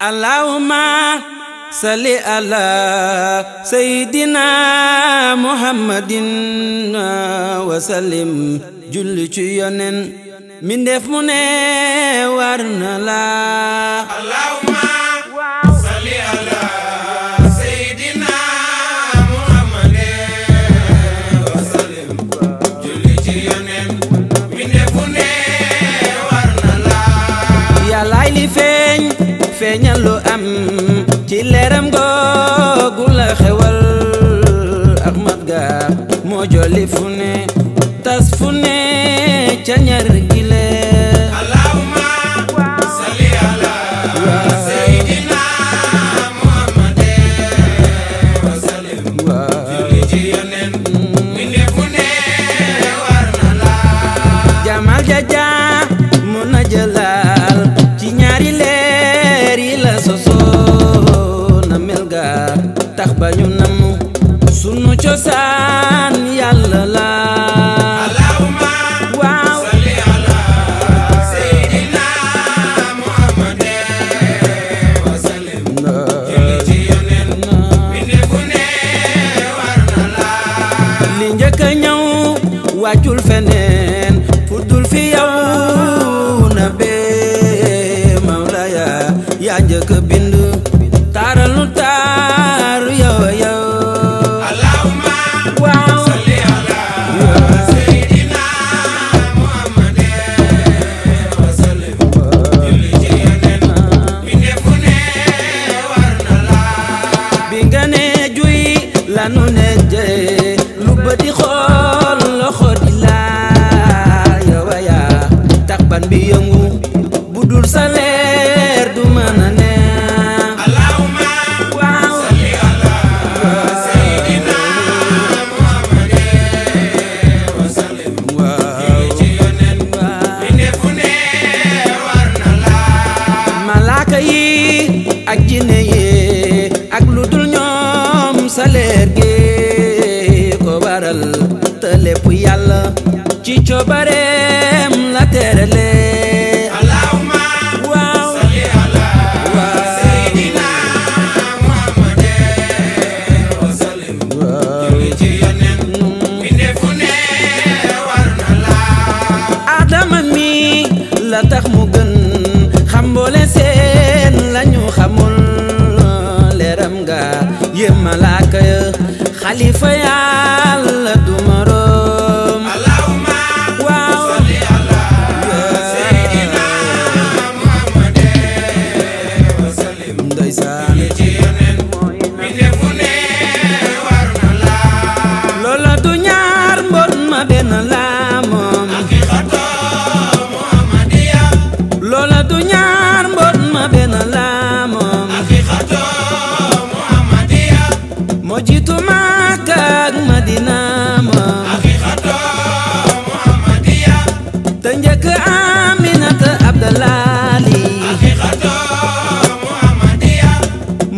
allahumma salli ala sayyidina muhammadin wa sallim julli ci yonen mi ndef mu la feeñal lu am ci leeram googu la xewal Ahmad Ga moo jolli tax ba ñu namm sunu cosaan yàlla la allahumma waaw salli ala seydina muhammade wa sallim julli ci yoneen binde ku ne war la li njëkk a ñëw wàccul feneen fu dul na bee mawlaya yaa njëkk bind bi yëngu bu dul salaire du mën a ne allahumma salli ala sayyidina muhammadin wa sallim waaw ci yonen bi ne fu ne ak jinne yi ak lu dul ñoom salaire gi ko waral te lépp yàlla ci la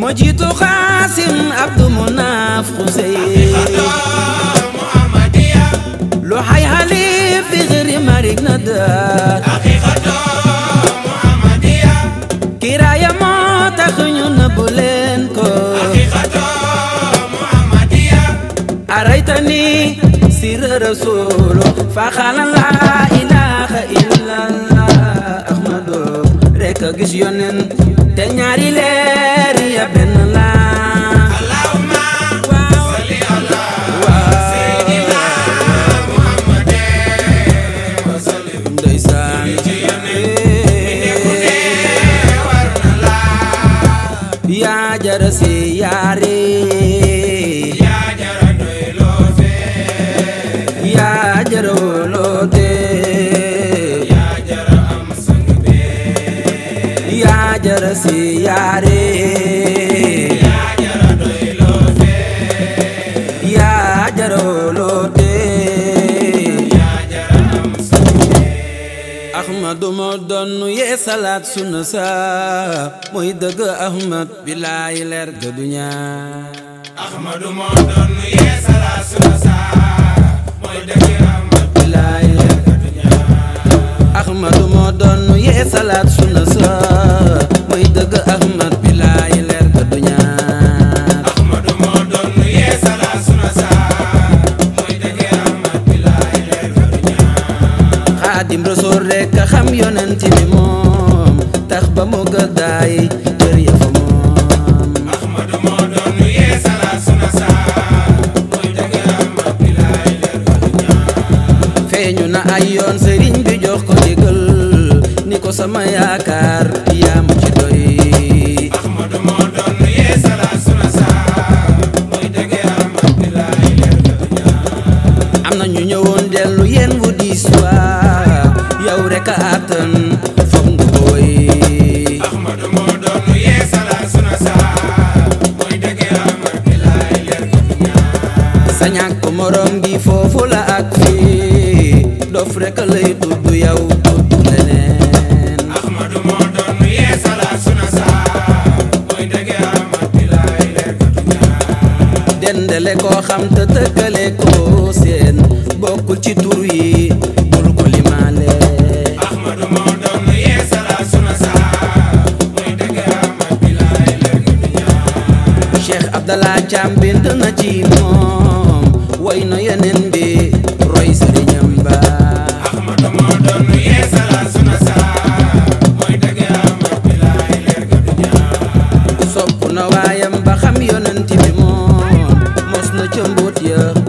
moo jiitu xaasim abdu munaaf xusey lu xay xalif fi xiri marik na daat kiraaya moo tax ñu nëbbu leen ko araytani sirra rasuulu fa xaala laa ilaaha illallah ahmadu rekk a gis yonen te ñaari leer jar si yaare yaa jara doy loo fee yaa jara wóoloo tee yaa jara am sang bee yaa jara si yaare ahmadu moo doon nu yee salaat sunna sa mooy dëgg ahmad bilaay leer ga du ci li moom tax ba mu gàddaay kër ya fa moom Ahmadu moo doon nu yee salaat na saa mooy jege amat bi laay leer fa du feeñu na ay yoon sëriñ bi jox ko ndigal ni ko sama yaakaar boole koo xam te tëkkale bokkul ci tur yi bul ko limaale Ahmadu moo suna saa mooy dëgg bilaay léegi du ñaar Cheikh Abdallah Thiam ci moom way na yeneen jëmbut yeah.